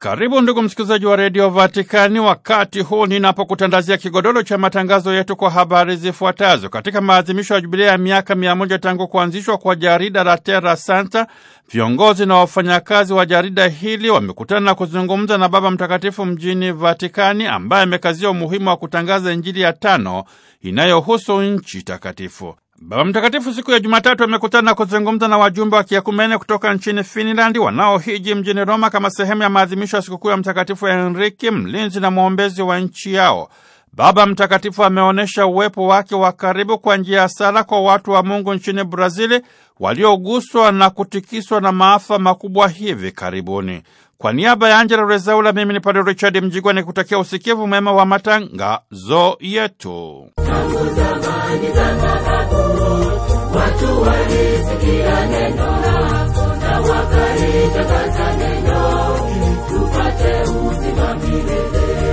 Karibu ndugu msikilizaji wa redio Vatikani, wakati huu ninapokutandazia kigodoro cha matangazo yetu kwa habari zifuatazo. Katika maadhimisho ya jubilia ya miaka mia moja tangu kuanzishwa kwa jarida la Terra Santa, viongozi na wafanyakazi wa jarida hili wamekutana na kuzungumza na Baba Mtakatifu mjini Vatikani, ambaye amekazia umuhimu wa kutangaza Injili ya tano inayohusu nchi takatifu. Baba Mtakatifu siku ya Jumatatu amekutana na kuzungumza na wajumbe wa kiakumene kutoka nchini Finlandi wanaohiji mjini Roma kama sehemu ya maadhimisho ya sikukuu ya Mtakatifu henriki mlinzi na mwombezi wa nchi yao. Baba Mtakatifu ameonyesha uwepo wake wa karibu kwa njia ya sala kwa watu wa Mungu nchini Brazili walioguswa na kutikiswa na maafa makubwa hivi karibuni. Kwa niaba ya Angela Rezaula, mimi ni Padre Richard Mjigwa ni kutakia usikivu mwema wa matangazo yetu yako watu walisikia neno lako na wakalitangaza neno tupate uzima milele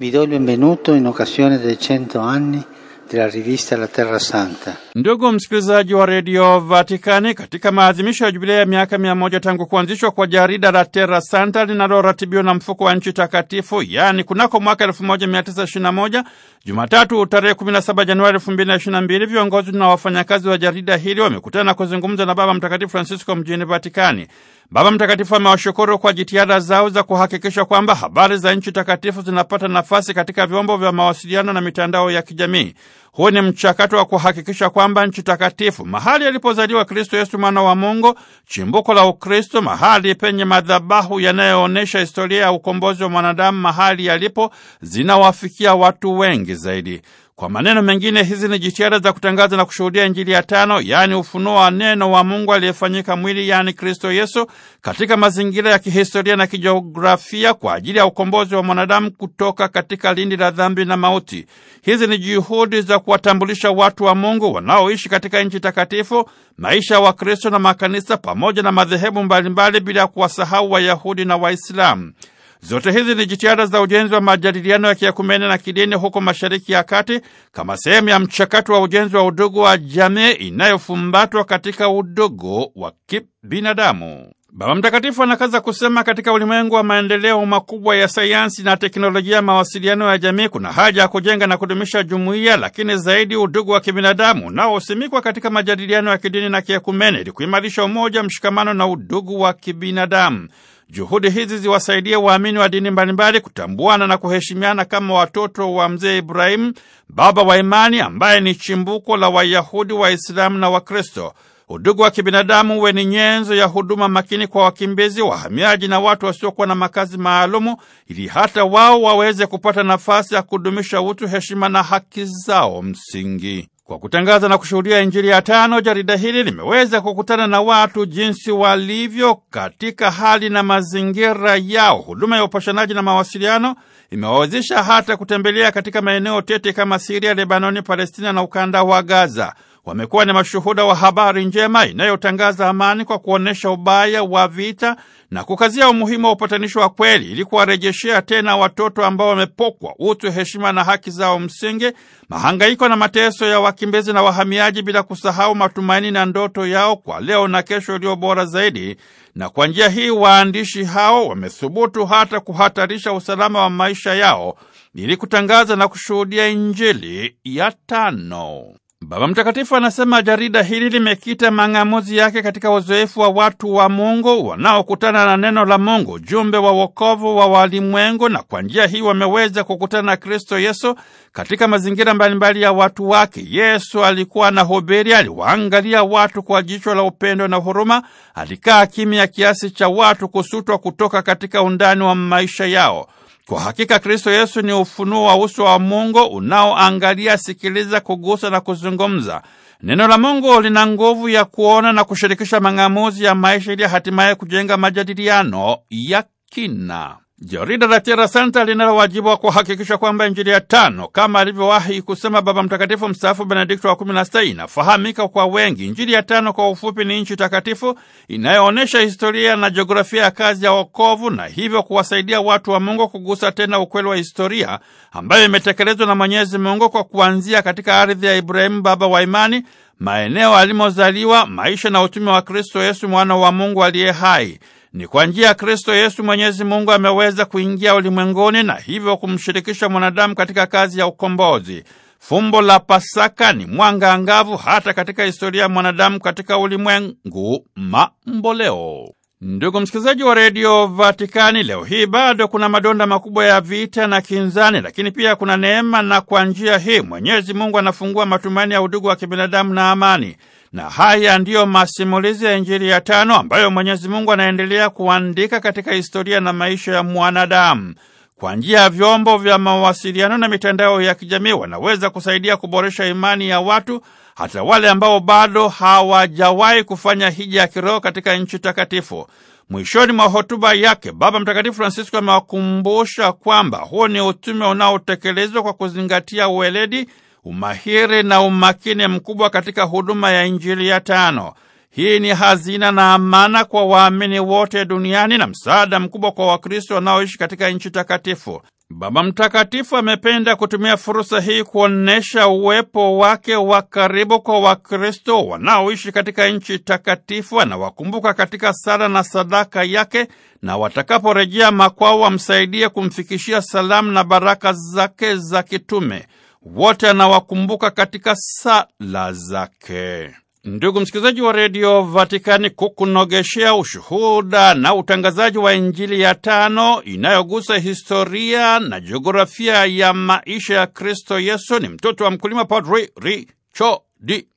vi do il benvenuto in occasione dei 100 anni della rivista La Terra Santa. Ndugu msikilizaji wa redio Vatikani, katika maadhimisho ya jubilei ya miaka mia moja tangu kuanzishwa kwa jarida la Terra Santa linaloratibiwa na mfuko wa nchi takatifu, yaani kunako mwaka 1921 Jumatatu tarehe 17 Januari 2022, viongozi na wafanyakazi wa jarida hili wamekutana na kuzungumza na Baba Mtakatifu Francisco mjini Vatikani. Baba Mtakatifu amewashukuru kwa jitihada zao za kuhakikisha kwamba habari za nchi takatifu zinapata nafasi katika vyombo vya mawasiliano na mitandao ya kijamii. Huu ni mchakato wa kuhakikisha kwamba nchi takatifu, mahali alipozaliwa Kristo Yesu mwana wa Mungu, chimbuko la Ukristo, mahali penye madhabahu yanayoonyesha historia ya ukombozi wa mwanadamu, mahali yalipo, zinawafikia watu wengi zaidi. Kwa maneno mengine, hizi ni jitihada za kutangaza na kushuhudia Injili ya tano, yaani ufunuo wa neno wa Mungu aliyefanyika mwili, yaani Kristo Yesu, katika mazingira ya kihistoria na kijiografia kwa ajili ya ukombozi wa mwanadamu kutoka katika lindi la dhambi na mauti. Hizi ni juhudi za kuwatambulisha watu wa Mungu wanaoishi katika nchi takatifu maisha ya wa Wakristo na makanisa pamoja na madhehebu mbalimbali, bila ya kuwasahau Wayahudi na Waislamu. Zote hizi ni jitihada za ujenzi wa majadiliano ya kiakumene na kidini huko Mashariki ya Kati kama sehemu ya mchakato wa ujenzi wa udugu wa jamii inayofumbatwa katika udugu wa kibinadamu. Baba Mtakatifu anakaza kusema katika ulimwengu wa maendeleo makubwa ya sayansi na teknolojia ya mawasiliano ya jamii, kuna haja ya kujenga na kudumisha jumuiya, lakini zaidi udugu wa kibinadamu unaosimikwa katika majadiliano ya kidini na kiekumene ili kuimarisha umoja, mshikamano na udugu wa kibinadamu. Juhudi hizi ziwasaidie waamini wa dini mbalimbali kutambuana na kuheshimiana kama watoto wa mzee Ibrahimu, baba wa imani, ambaye ni chimbuko la Wayahudi, Waislamu na Wakristo. Udugu wa kibinadamu uwe ni nyenzo ya huduma makini kwa wakimbizi, wahamiaji na watu wasiokuwa na makazi maalumu, ili hata wao waweze kupata nafasi ya kudumisha utu, heshima na haki zao msingi. Kwa kutangaza na kushuhudia Injili ya tano, jarida hili limeweza kukutana na watu jinsi walivyo katika hali na mazingira yao. Huduma ya upashanaji na mawasiliano imewawezesha hata kutembelea katika maeneo tete kama Siria, Lebanoni, Palestina na ukanda wa Gaza wamekuwa ni mashuhuda wa habari njema inayotangaza amani kwa kuonyesha ubaya wa vita na kukazia umuhimu wa upatanishi wa kweli ili kuwarejeshea tena watoto ambao wamepokwa utu, heshima na haki zao msingi, mahangaiko na mateso ya wakimbizi na wahamiaji, bila kusahau matumaini na ndoto yao kwa leo na kesho iliyo bora zaidi. Na kwa njia hii waandishi hao wamethubutu hata kuhatarisha usalama wa maisha yao ili kutangaza na kushuhudia Injili ya tano. Baba Mtakatifu anasema jarida hili limekita mang'amuzi yake katika uzoefu wa watu wa Mungu wanaokutana na neno la Mungu, jumbe wa wokovu wa walimwengu, na kwa njia hii wameweza kukutana na Kristo Yesu katika mazingira mbalimbali ya watu wake. Yesu alikuwa na hubiri aliwaangalia watu kwa jicho la upendo na huruma, alikaa kimya kiasi cha watu kusutwa kutoka katika undani wa maisha yao. Kwa hakika Kristo Yesu ni ufunuo wa uso wa Mungu unaoangalia, sikiliza, kugusa na kuzungumza. Neno la Mungu lina nguvu ya kuona na kushirikisha mang'amuzi ya maisha ili hatimaye kujenga majadiliano ya kina. Jarida la Terra Santa linalo wajibu wa kuhakikisha kwamba Injili ya tano kama alivyowahi kusema Baba Mtakatifu mstaafu Benedikto wa kumi na sita inafahamika kwa wengi. Injili ya tano kwa ufupi ni nchi takatifu inayoonyesha historia na jiografia ya kazi ya wokovu na hivyo kuwasaidia watu wa Mungu kugusa tena ukweli wa historia ambayo imetekelezwa na Mwenyezi Mungu kwa kuanzia katika ardhi ya Ibrahimu baba wa imani maeneo alimozaliwa, maisha na utume wa Kristo Yesu mwana wa Mungu aliye hai. Ni kwa njia ya Kristo Yesu Mwenyezi Mungu ameweza kuingia ulimwenguni na hivyo kumshirikisha mwanadamu katika kazi ya ukombozi. Fumbo la Pasaka ni mwanga angavu hata katika historia ya mwanadamu katika ulimwengu mamboleo. Ndugu msikilizaji wa redio Vatikani, leo hii bado kuna madonda makubwa ya vita na kinzani, lakini pia kuna neema, na kwa njia hii Mwenyezi Mungu anafungua matumaini ya udugu wa kibinadamu na amani. Na haya ndiyo masimulizi ya Injili ya tano ambayo Mwenyezi Mungu anaendelea kuandika katika historia na maisha ya mwanadamu. Kwa njia ya vyombo vya mawasiliano na mitandao ya kijamii, wanaweza kusaidia kuboresha imani ya watu, hata wale ambao bado hawajawahi kufanya hija ya kiroho katika nchi takatifu. Mwishoni mwa hotuba yake, Baba Mtakatifu Francisco amewakumbusha kwamba huo ni utume unaotekelezwa kwa kuzingatia uweledi umahiri na umakini mkubwa katika huduma ya Injili ya tano. Hii ni hazina na amana kwa waamini wote duniani na msaada mkubwa kwa Wakristo wanaoishi katika nchi takatifu. Baba Mtakatifu amependa kutumia fursa hii kuonyesha uwepo wake wa karibu kwa Wakristo wanaoishi katika nchi takatifu. Anawakumbuka katika sala na sadaka yake, na watakaporejea makwao wamsaidie kumfikishia salamu na baraka zake za kitume wote anawakumbuka katika sala zake. Ndugu msikilizaji wa redio Vatikani, kukunogeshea ushuhuda na utangazaji wa Injili ya tano inayogusa historia na jiografia ya maisha ya Kristo Yesu ni mtoto wa mkulima Padri Richodi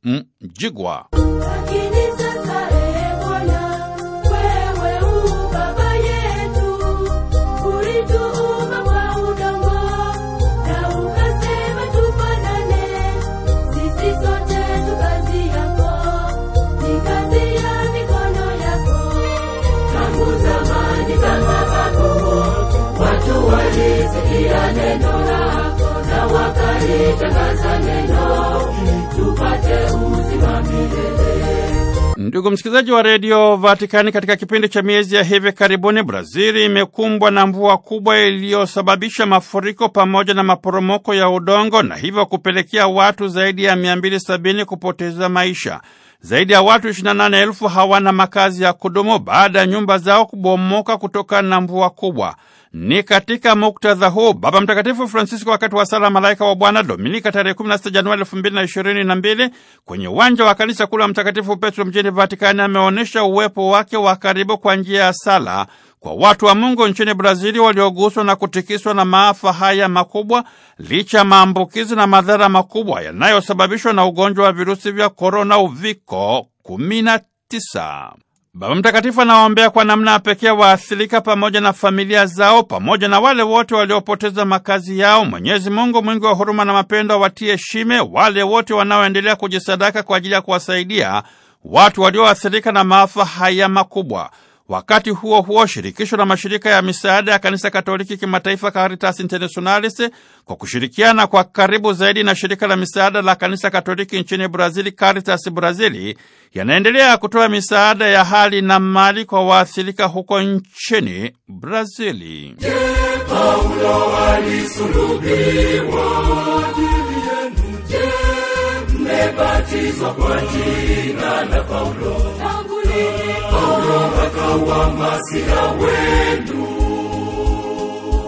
Mjigwa. kusikia neno lako na wakalitangaza neno tupate uzima milele. Ndugu msikilizaji wa redio Vatikani, katika kipindi cha miezi ya hivi karibuni, Brazili imekumbwa na mvua kubwa iliyosababisha mafuriko pamoja na maporomoko ya udongo na hivyo kupelekea watu zaidi ya 270 kupoteza maisha. Zaidi ya watu 28,000 hawana makazi ya kudumu baada ya nyumba zao kubomoka kutokana na mvua kubwa. Ni katika muktadha huu Baba Mtakatifu Francisco, wakati wa sala Malaika wa Bwana Dominika tarehe 16 Januari 2022 kwenye uwanja wa kanisa kuu la Mtakatifu Petro mjini Vatikani, ameonyesha uwepo wake wa karibu kwa njia ya sala kwa watu wa Mungu nchini Brazili walioguswa na kutikiswa na maafa haya makubwa licha ya maambukizi na madhara makubwa yanayosababishwa na ugonjwa wa virusi vya korona, uviko 19. Baba Mtakatifu anawaombea kwa namna pekee waathirika pamoja na familia zao pamoja na wale wote waliopoteza makazi yao. Mwenyezi Mungu mwingi wa huruma na mapendo watie shime wale wote wanaoendelea kujisadaka kwa ajili ya kuwasaidia watu walioathirika na maafa haya makubwa. Wakati huo huo, shirikisho la mashirika ya misaada ya kanisa Katoliki kimataifa Caritas Internationalis kwa kushirikiana kwa karibu zaidi na shirika la misaada la kanisa Katoliki nchini Brazili, Caritas Brazili, yanaendelea kutoa misaada ya hali na mali kwa waathirika huko nchini Brazili. Je, Paulo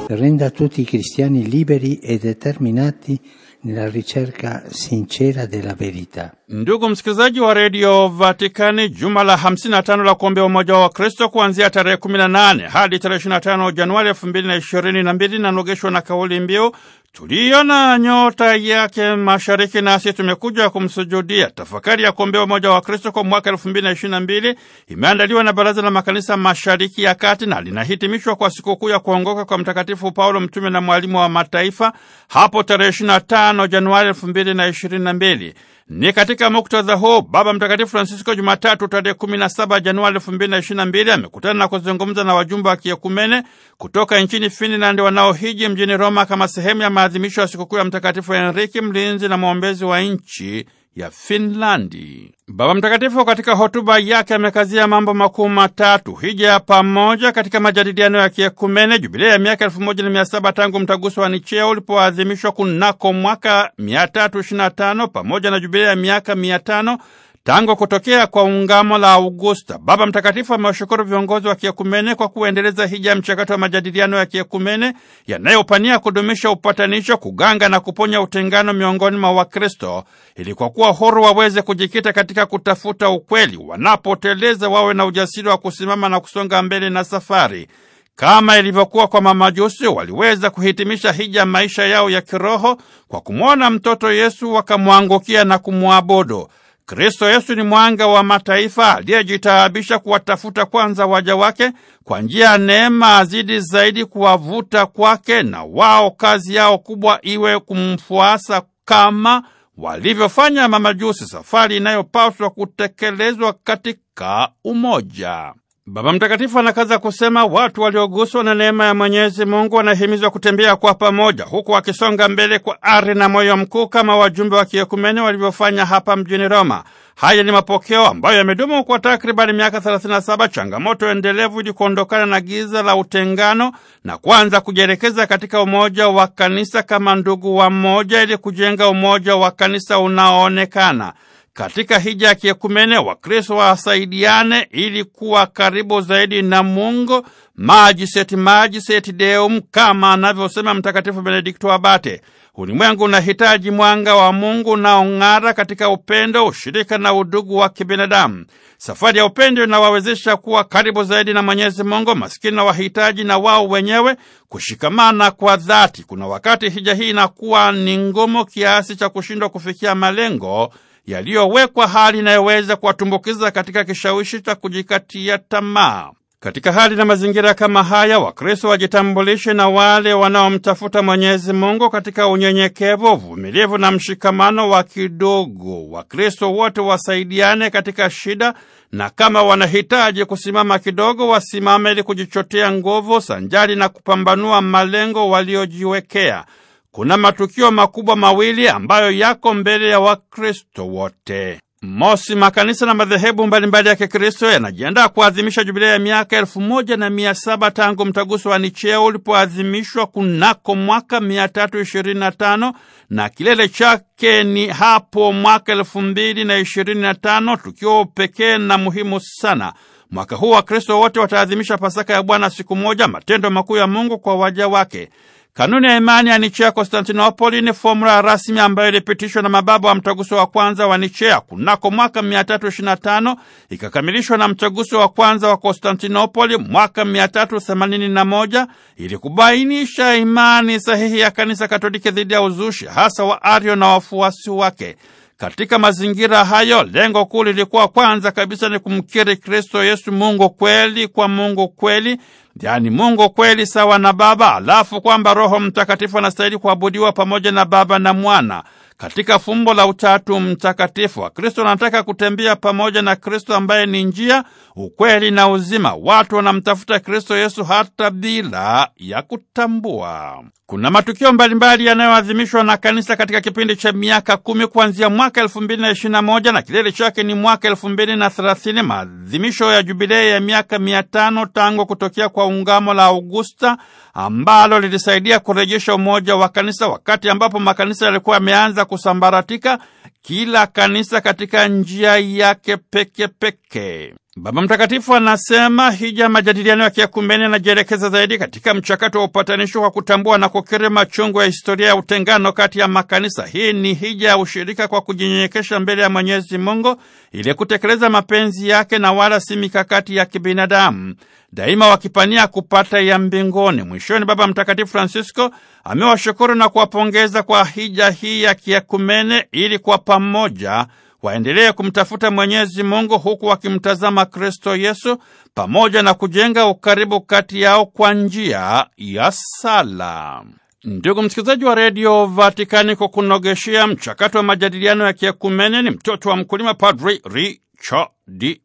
Renda tutti i cristiani liberi e determinati nella ricerca sincera della verità. Ndugu msikilizaji wa redio Vatikani, juma la 55 la kuombea umoja wa Kristo kuanzia tarehe 18 hadi tarehe 25 Januari 2022 inanogeshwa na kauli mbiu tuliona nyota yake mashariki, nasi tumekuja kumsujudia. Tafakari ya kuombea umoja wa Kristo kwa mwaka elfu mbili na ishirini na mbili imeandaliwa na Baraza la Makanisa Mashariki ya Kati na linahitimishwa kwa sikukuu ya kuongoka kwa Mtakatifu Paulo mtume na mwalimu wa mataifa hapo tarehe ishirini na tano Januari elfu mbili na ishirini na mbili. Ni katika muktadha huu Baba Mtakatifu Francisco Jumatatu tarehe 17 Januari 2022 amekutana na kuzungumza na wajumbe wa kiekumene kutoka nchini Finland wanaohiji mjini Roma kama sehemu ya maadhimisho ya sikukuu ya Mtakatifu Henriki, mlinzi na mwombezi wa nchi ya Finlandi. Baba Mtakatifu katika hotuba yake amekazia mambo makuu matatu: hija ya pamoja katika majadiliano ya kiekumene, jubilia ya miaka elfu moja na mia saba tangu mtaguso wa Nichea ulipoadhimishwa kunako mwaka 325 pamoja na jubilia ya miaka mia tano Tangu kutokea kwa ungamo la Augusta, Baba Mtakatifu amewashukuru viongozi wa kiekumene kwa kuendeleza hija mchakato wa majadiliano ya kiekumene yanayopania kudumisha upatanisho, kuganga na kuponya utengano miongoni mwa Wakristo, ili kwa kuwa huru waweze kujikita katika kutafuta ukweli, wanapoteleza wawe na ujasiri wa kusimama na kusonga mbele na safari. Kama ilivyokuwa kwa mamajusi, waliweza kuhitimisha hija maisha yao ya kiroho kwa kumwona mtoto Yesu, wakamwangukia na kumwabudu. Kristo Yesu ni mwanga wa mataifa aliyejitaabisha kuwatafuta kwanza waja wake, kwa njia ya neema azidi zaidi kuwavuta kwake, na wao kazi yao kubwa iwe kumfuasa kama walivyofanya mamajusi, safari inayopaswa kutekelezwa katika umoja. Baba Mtakatifu anakaza kusema watu walioguswa na neema ya Mwenyezi Mungu wanahimizwa kutembea kwa pamoja, huku wakisonga mbele kwa ari na moyo mkuu kama wajumbe wa kiekumene walivyofanya hapa mjini Roma. Haya ni mapokeo ambayo yamedumu kwa takribani miaka 37, changamoto endelevu ili kuondokana na giza la utengano na kuanza kujielekeza katika umoja wa kanisa kama ndugu wa mmoja, ili kujenga umoja wa kanisa unaoonekana. Katika hija ya kiekumene Wakristo wasaidiane ili kuwa karibu zaidi na Mungu. Majiseti majiseti Deum, kama anavyosema Mtakatifu Benedikto Abate, ulimwengu unahitaji mwanga wa Mungu unaong'ara katika upendo, ushirika na udugu wa kibinadamu. Safari ya upendo inawawezesha kuwa karibu zaidi na Mwenyezi Mungu, maskini na wahitaji, na wao wenyewe kushikamana kwa dhati. Kuna wakati hija hii inakuwa ni ngumu kiasi cha kushindwa kufikia malengo yaliyowekwa, hali inayoweza kuwatumbukiza katika kishawishi cha kujikatia tamaa. Katika hali na mazingira kama haya, Wakristo wajitambulishe na wale wanaomtafuta Mwenyezi Mungu katika unyenyekevu, uvumilivu na mshikamano wa kidogo. Wakristo wote wasaidiane katika shida, na kama wanahitaji kusimama kidogo, wasimame ili kujichotea nguvu sanjari na kupambanua malengo waliojiwekea kuna matukio makubwa mawili ambayo yako mbele ya Wakristo wote. Mosi, makanisa na madhehebu mbalimbali ya Kikristo yanajiandaa kuadhimisha jubilia ya miaka elfu moja na mia saba tangu mtaguso wa Nichea ulipoadhimishwa kunako mwaka 325 na kilele chake ni hapo mwaka elfu mbili na ishirini na tano, tukio pekee na muhimu sana. Mwaka huu Wakristo wote wataadhimisha Pasaka ya Bwana siku moja, matendo makuu ya Mungu kwa waja wake. Kanuni ya imani ya Nichea Konstantinopoli ni fomula rasmi ambayo ilipitishwa na mababa wa mtaguso wa kwanza wa Nichea kunako mwaka 325 ikakamilishwa na mtaguso wa kwanza wa Konstantinopoli mwaka 381 ili kubainisha imani sahihi ya kanisa Katoliki dhidi ya uzushi, hasa wa Ario na wafuasi wake. Katika mazingira hayo, lengo kuu lilikuwa kwanza kabisa ni kumkiri Kristo Yesu Mungu kweli kwa Mungu kweli yaani Mungu kweli sawa na Baba, alafu kwamba Roho Mtakatifu anastahili kuabudiwa pamoja na Baba na Mwana. Katika fumbo la Utatu Mtakatifu wa Kristo anataka kutembea pamoja na Kristo ambaye ni njia, ukweli na uzima. Watu wanamtafuta Kristo Yesu hata bila ya kutambua. Kuna matukio mbalimbali yanayoadhimishwa na kanisa katika kipindi cha miaka kumi kuanzia mwaka elfu mbili na ishirini na moja na kilele chake ni mwaka elfu mbili na thelathini maadhimisho ya jubilei ya miaka mia tano tangu kutokea kwa ungamo la Augusta ambalo lilisaidia kurejesha umoja wa kanisa, wakati ambapo makanisa yalikuwa yameanza kusambaratika kila kanisa katika njia yake peke peke. Baba Mtakatifu anasema hija majadiliano ya kiakumbeni yanajielekeza zaidi katika mchakato wa upatanisho kwa kutambua na kukiri machungu ya historia ya utengano kati ya makanisa. Hii ni hija ya ushirika kwa kujinyenyekesha mbele ya Mwenyezi Mungu ili kutekeleza mapenzi yake na wala si mikakati ya kibinadamu, daima wakipania kupata ya mbinguni. Mwishoni, Baba Mtakatifu Francisco amewashukuru na kuwapongeza kwa hija hii ya kiakumene ili kwa pamoja waendelee kumtafuta Mwenyezi Mungu huku wakimtazama Kristo Yesu pamoja na kujenga ukaribu kati yao kwa njia ya sala. Ndugu msikilizaji wa redio Vatikani, kwa kunogeshea mchakato wa majadiliano ya kiekumene ni mtoto wa mkulima Padri Richard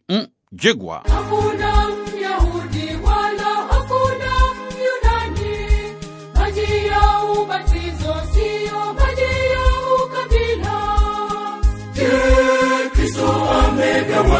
Mjigwa.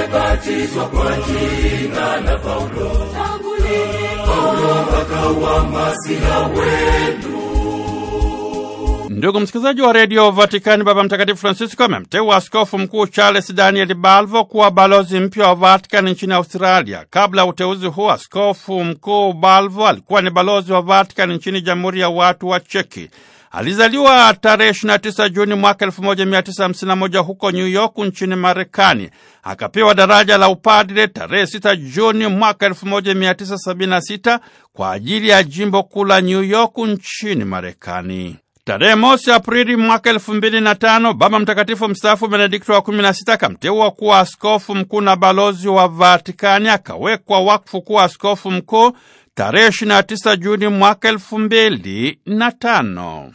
kwa jina la Paulo, Paulo akawa masiha wetu. Ndugu msikilizaji wa redio Vatikani, Baba Mtakatifu Francisco amemteua askofu mkuu Charles Daniel Balvo kuwa balozi mpya wa Vatikani nchini Australia. Kabla ya uteuzi huu, askofu mkuu Balvo alikuwa ni balozi wa Vatikani nchini Jamhuri ya Watu wa Cheki. Alizaliwa tarehe 29 Juni mwaka 1951 huko New York nchini Marekani. Akapewa daraja la upadre tarehe 6 Juni mwaka 1976 kwa ajili ya jimbo kuu la New York nchini Marekani. Tarehe mosi Aprili mwaka elfu mbili na tano Baba Mtakatifu mstaafu Benedikto wa 16 akamteua kuwa askofu mkuu na balozi wa Vatikani, akawekwa wakfu kuwa askofu mkuu tarehe 29 Juni mwaka tano.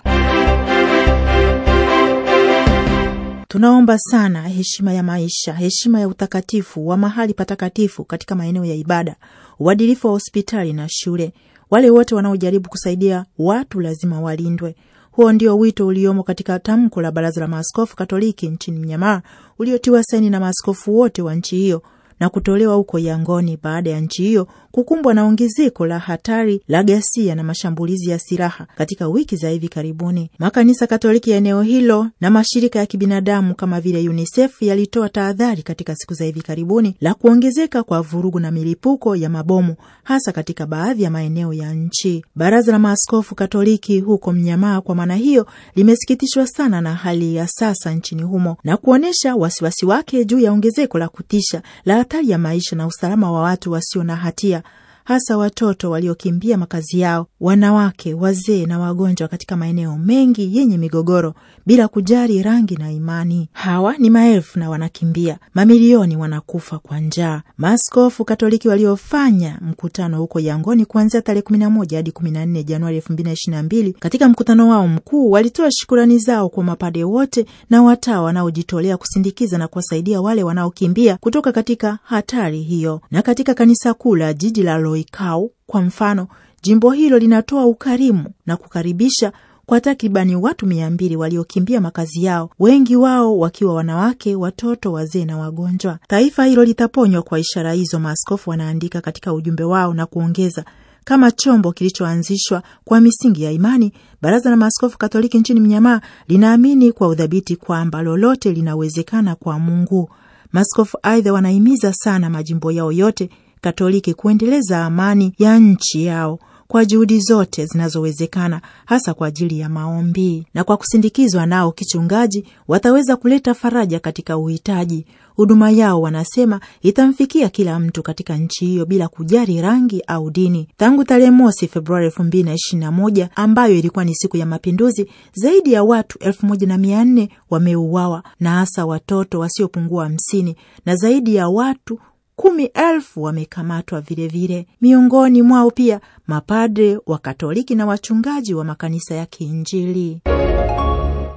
Tunaomba sana heshima ya maisha, heshima ya utakatifu wa mahali patakatifu katika maeneo ya ibada, uadilifu wa hospitali na shule. Wale wote wanaojaribu kusaidia watu lazima walindwe. Huo ndio wito uliomo katika tamko la Baraza la Maaskofu Katoliki nchini Mnyamaa, uliotiwa saini na maaskofu wote wa nchi hiyo na kutolewa huko Yangoni baada ya nchi hiyo kukumbwa na ongezeko la hatari la ghasia na mashambulizi ya silaha katika wiki za hivi karibuni. Makanisa Katoliki ya eneo hilo na mashirika ya kibinadamu kama vile UNICEF yalitoa tahadhari katika siku za hivi karibuni la kuongezeka kwa vurugu na milipuko ya mabomu hasa katika baadhi ya maeneo ya nchi. Baraza la Maaskofu Katoliki huko Mnyamaa kwa maana hiyo limesikitishwa sana na hali ya sasa nchini humo na kuonyesha wasiwasi wake juu ya ongezeko la kutisha la hatari ya maisha na usalama wa watu wasio na hatia hasa watoto waliokimbia makazi yao, wanawake, wazee na wagonjwa katika maeneo mengi yenye migogoro, bila kujali rangi na imani. Hawa ni maelfu na wanakimbia, mamilioni wanakufa kwa njaa. Maaskofu Katoliki waliofanya mkutano huko Yangoni kuanzia tarehe 11 hadi 14 Januari 2022, katika mkutano wao mkuu walitoa shukurani zao kwa mapade wote na watawa wanaojitolea kusindikiza na kuwasaidia wale wanaokimbia kutoka katika hatari hiyo, na katika kanisa kuu la jiji la Loikau kwa mfano, jimbo hilo linatoa ukarimu na kukaribisha kwa takribani watu mia mbili waliokimbia makazi yao, wengi wao wakiwa wanawake, watoto, wazee na wagonjwa. Taifa hilo litaponywa kwa ishara hizo, maaskofu wanaandika katika ujumbe wao na kuongeza kama chombo kilichoanzishwa kwa misingi ya imani, Baraza la Maaskofu Katoliki nchini Mnyamaa linaamini kwa udhabiti kwamba lolote linawezekana kwa Mungu. Maaskofu aidha wanahimiza sana majimbo yao yote Katoliki kuendeleza amani ya nchi yao kwa juhudi zote zinazowezekana hasa kwa ajili ya maombi, na kwa kusindikizwa nao kichungaji, wataweza kuleta faraja katika uhitaji. Huduma yao wanasema itamfikia kila mtu katika nchi hiyo bila kujali rangi au dini. Tangu tarehe mosi Februari elfu mbili na ishirini na moja ambayo ilikuwa ni siku ya mapinduzi, zaidi ya watu elfu moja na mia nne wameuawa na hasa watoto wasiopungua hamsini na zaidi ya watu kumi elfu wamekamatwa vilevile. Miongoni mwao pia mapadre wa Katoliki na wachungaji wa makanisa ya Kiinjili.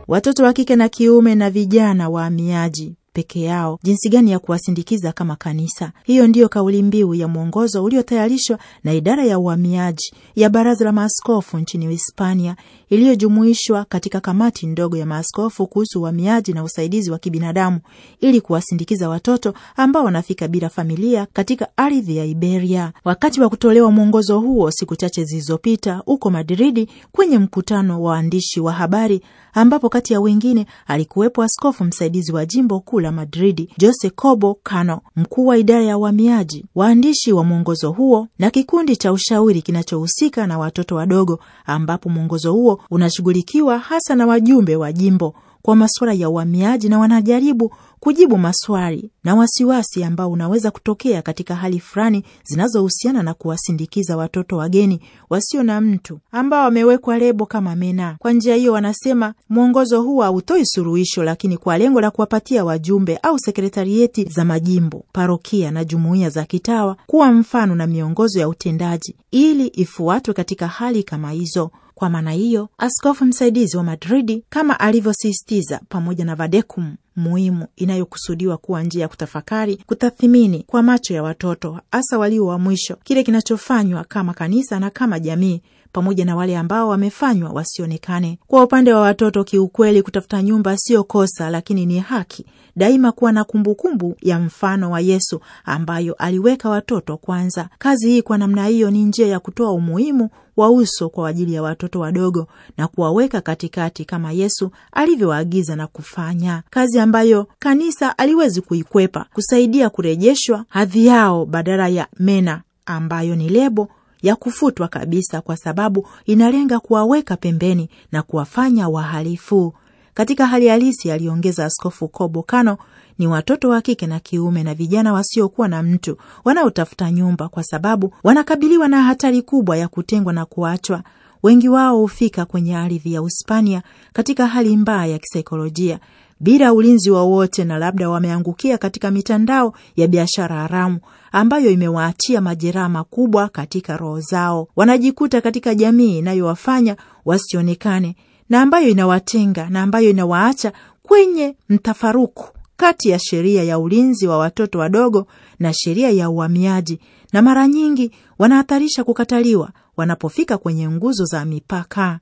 Watoto wa kike na kiume na vijana wahamiaji peke yao, jinsi gani ya kuwasindikiza kama kanisa. Hiyo ndiyo kauli mbiu ya mwongozo uliotayarishwa na idara ya uhamiaji ya Baraza la Maaskofu nchini Hispania iliyojumuishwa katika kamati ndogo ya maaskofu kuhusu uhamiaji na usaidizi wa kibinadamu ili kuwasindikiza watoto ambao wanafika bila familia katika ardhi ya Iberia. Wakati wa kutolewa mwongozo huo siku chache zilizopita huko Madridi, kwenye mkutano wa waandishi wa habari, ambapo kati ya wengine alikuwepo askofu msaidizi wa jimbo kuu la Madridi Jose Cobo Cano, mkuu wa idara ya uhamiaji, waandishi wa mwongozo huo na kikundi cha ushauri kinachohusika na watoto wadogo, ambapo mwongozo huo unashughulikiwa hasa na wajumbe wa jimbo kwa masuala ya uhamiaji na wanajaribu kujibu maswali na wasiwasi ambao unaweza kutokea katika hali fulani zinazohusiana na kuwasindikiza watoto wageni wasio na mtu ambao wamewekwa lebo kama mena. Kwa njia hiyo, wanasema mwongozo huu hautoi suluhisho, lakini kwa lengo la kuwapatia wajumbe au sekretarieti za majimbo, parokia na jumuiya za kitawa kuwa mfano na miongozo ya utendaji ili ifuatwe katika hali kama hizo. Kwa maana hiyo, askofu msaidizi wa Madridi, kama alivyosisitiza, pamoja na Vadekum, muhimu inayokusudiwa kuwa njia ya kutafakari, kutathimini kwa macho ya watoto, hasa walio wa mwisho, kile kinachofanywa kama kanisa na kama jamii pamoja na wale ambao wamefanywa wasionekane. Kwa upande wa watoto, kiukweli, kutafuta nyumba siyo kosa, lakini ni haki daima kuwa na kumbukumbu ya mfano wa Yesu ambayo aliweka watoto kwanza. Kazi hii kwa namna hiyo ni njia ya kutoa umuhimu wa uso kwa ajili ya watoto wadogo na kuwaweka katikati kama Yesu alivyoagiza na kufanya, kazi ambayo kanisa aliwezi kuikwepa, kusaidia kurejeshwa hadhi yao badala ya mena ambayo ni lebo ya kufutwa kabisa, kwa sababu inalenga kuwaweka pembeni na kuwafanya wahalifu. Katika hali halisi, aliongeza Askofu Kano ni watoto wa kike na kiume na vijana wasiokuwa na mtu wanaotafuta nyumba, kwa sababu wanakabiliwa na hatari kubwa ya kutengwa na kuachwa. Wengi wao hufika kwenye ardhi ya Uhispania katika hali mbaya ya kisaikolojia bila ulinzi wowote, na labda wameangukia katika mitandao ya biashara haramu ambayo imewaachia majeraha makubwa katika roho zao. Wanajikuta katika jamii inayowafanya wasionekane na ambayo inawatenga na ambayo inawaacha kwenye mtafaruku kati ya sheria ya ulinzi wa watoto wadogo na sheria ya uhamiaji, na mara nyingi wanahatarisha kukataliwa wanapofika kwenye nguzo za mipaka.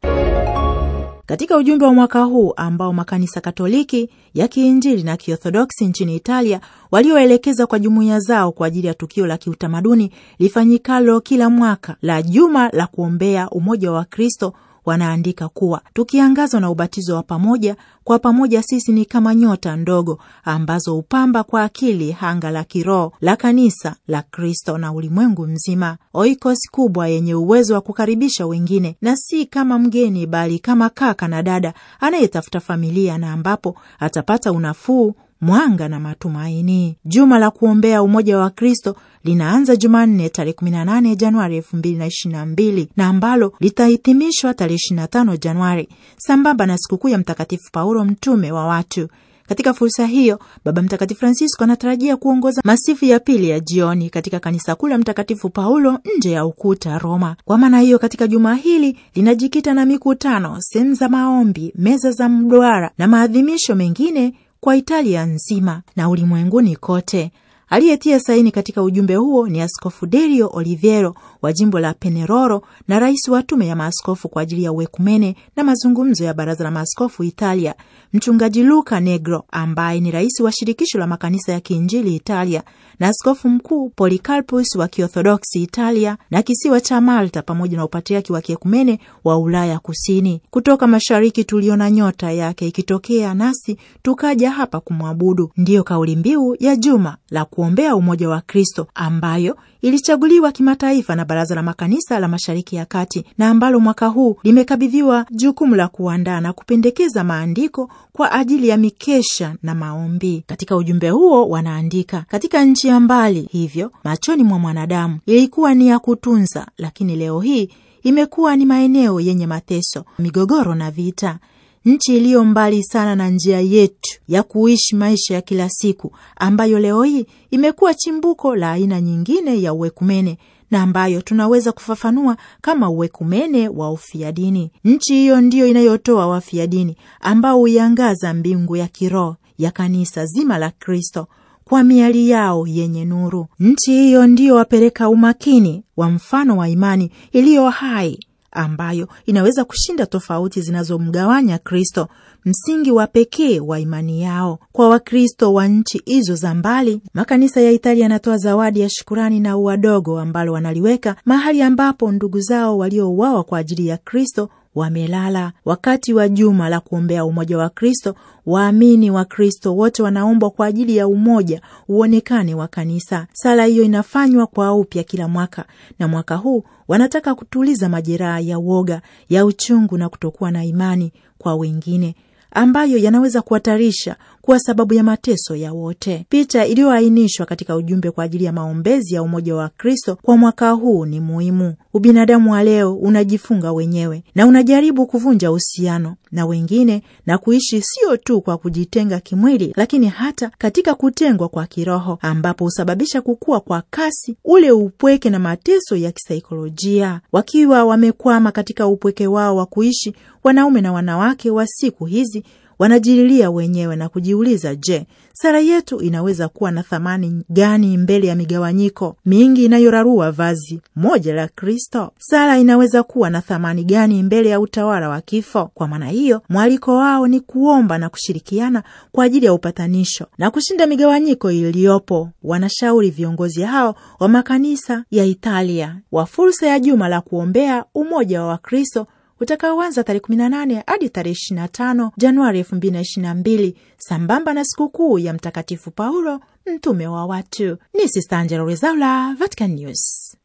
Katika ujumbe wa mwaka huu ambao makanisa Katoliki ya Kiinjili na Kiorthodoksi nchini Italia walioelekeza kwa jumuiya zao kwa ajili ya tukio la kiutamaduni lifanyikalo kila mwaka la juma la kuombea umoja wa kristo wanaandika kuwa tukiangazwa na ubatizo wa pamoja kwa pamoja, sisi ni kama nyota ndogo ambazo hupamba kwa akili anga la kiroho la kanisa la Kristo na ulimwengu mzima, oikos kubwa yenye uwezo wa kukaribisha wengine, na si kama mgeni, bali kama kaka na dada anayetafuta familia na ambapo atapata unafuu mwanga na matumaini. Juma la kuombea umoja wa Kristo linaanza Jumanne tarehe 18 Januari 2022 na ambalo litahitimishwa tarehe 25 Januari sambamba na sikukuu ya Mtakatifu Paulo mtume wa watu. Katika fursa hiyo, Baba Mtakatifu Francisco anatarajia kuongoza masifu ya pili ya jioni katika kanisa kuu la Mtakatifu Paulo nje ya ukuta Roma. Kwa maana hiyo, katika juma hili linajikita na mikutano, sehemu za maombi, meza za mduara na maadhimisho mengine kwa Italia nzima na ulimwenguni kote. Aliyetia saini katika ujumbe huo ni Askofu Delio Oliviero wa jimbo la peneroro na rais wa tume ya maaskofu kwa ajili ya uekumene na mazungumzo ya baraza la maaskofu Italia, mchungaji Luca Negro ambaye ni rais wa shirikisho la makanisa ya kiinjili Italia, na askofu mkuu Polikarpus wa Kiorthodoksi Italia na kisiwa cha Malta pamoja na upatriaki wa kiekumene wa Ulaya Kusini. Kutoka mashariki tuliona nyota yake ikitokea, nasi tukaja hapa kumwabudu, ndiyo kauli mbiu ya juma la kuombea umoja wa Kristo ambayo ilichaguliwa kimataifa na Baraza la Makanisa la Mashariki ya Kati na ambalo mwaka huu limekabidhiwa jukumu la kuandaa na kupendekeza maandiko kwa ajili ya mikesha na maombi. Katika ujumbe huo wanaandika, katika nchi kuishia mbali hivyo machoni mwa mwanadamu ilikuwa ni ya kutunza, lakini leo hii imekuwa ni maeneo yenye mateso, migogoro na vita, nchi iliyo mbali sana na njia yetu ya kuishi maisha ya kila siku, ambayo leo hii imekuwa chimbuko la aina nyingine ya uwekumene na ambayo tunaweza kufafanua kama uwekumene wa ufia dini. Nchi hiyo ndiyo inayotoa wafia dini ambao huiangaza mbingu ya kiroho ya kanisa zima la Kristo kwa miali yao yenye nuru. Nchi hiyo ndiyo wapeleka umakini wa mfano wa imani iliyo hai ambayo inaweza kushinda tofauti zinazomgawanya Kristo, msingi wa pekee wa imani yao. Kwa Wakristo wa nchi hizo za mbali, makanisa ya Italia yanatoa zawadi ya shukurani na uwadogo ambalo wanaliweka mahali ambapo ndugu zao waliouawa kwa ajili ya Kristo wamelala. Wakati wa juma la kuombea umoja wa Kristo, waamini wa Kristo wote wanaombwa kwa ajili ya umoja uonekane wa kanisa. Sala hiyo inafanywa kwa upya kila mwaka, na mwaka huu wanataka kutuliza majeraha ya woga, ya uchungu na kutokuwa na imani kwa wengine ambayo yanaweza kuhatarisha kuwa sababu ya mateso ya wote. Picha iliyoainishwa katika ujumbe kwa ajili ya maombezi ya umoja wa Kristo kwa mwaka huu ni muhimu. Ubinadamu wa leo unajifunga wenyewe na unajaribu kuvunja uhusiano na wengine na kuishi sio tu kwa kujitenga kimwili, lakini hata katika kutengwa kwa kiroho, ambapo husababisha kukua kwa kasi ule upweke na mateso ya kisaikolojia. Wakiwa wamekwama katika upweke wao wa kuishi, wanaume na wanawake wa siku hizi wanajililia wenyewe na kujiuliza, je, sara yetu inaweza kuwa na thamani gani mbele ya migawanyiko mingi inayorarua vazi moja la Kristo? Sara inaweza kuwa na thamani gani mbele ya utawala wa kifo? Kwa maana hiyo, mwaliko wao ni kuomba na kushirikiana kwa ajili ya upatanisho na kushinda migawanyiko iliyopo. Wanashauri viongozi hao wa makanisa ya Italia wa fursa ya juma la kuombea umoja wa Wakristo utakaoanza tarehe 18 hadi tarehe 25 Januari 2022 sambamba na sikukuu ya Mtakatifu Paulo mtume wa watu. Ni Sista Angela Rezaula, Vatican News.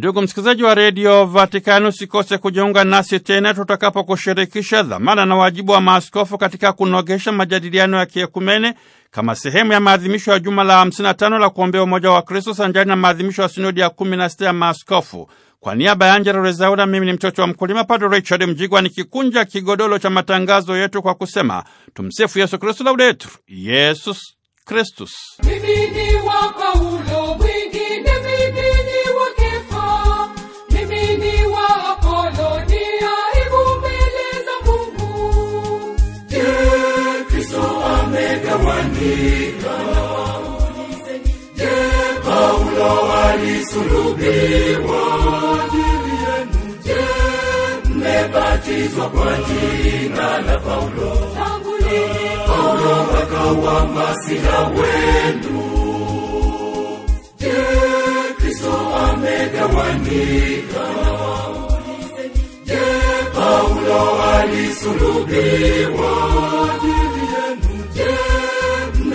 Ndugu msikilizaji wa redio Vatikani, usikose kujiunga nasi tena tutakapokushirikisha dhamana na wajibu wa maaskofu katika kunogesha majadiliano ya kiekumene kama sehemu ya maadhimisho ya juma la 55 la kuombea umoja wa Kristo sanjari na maadhimisho ya sinodi ya 16 ya maaskofu. Kwa niaba ya Angela Rezaura, mimi ni mtoto wa mkulima Padre Richard Mjigwa nikikunja kigodolo cha matangazo yetu kwa kusema tumsifu Yesu Kristu, laudetur Yesus Kristus. alisulubika. Je, Paulo alisulubiwa ajili kwa jina la Paulo? Tangu lini Paulo akawa masiha wenu? Je, Kristo amegawanyika? Je, Paulo alisulubiwa ajili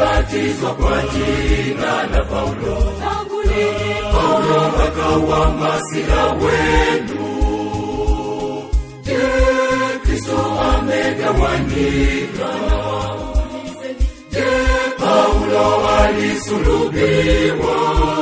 alibatizwa kwa jina la Paulo. Paulo akawa masiha wenu. Je, Kristo amegawanyika? Je, Paulo alisulubiwa?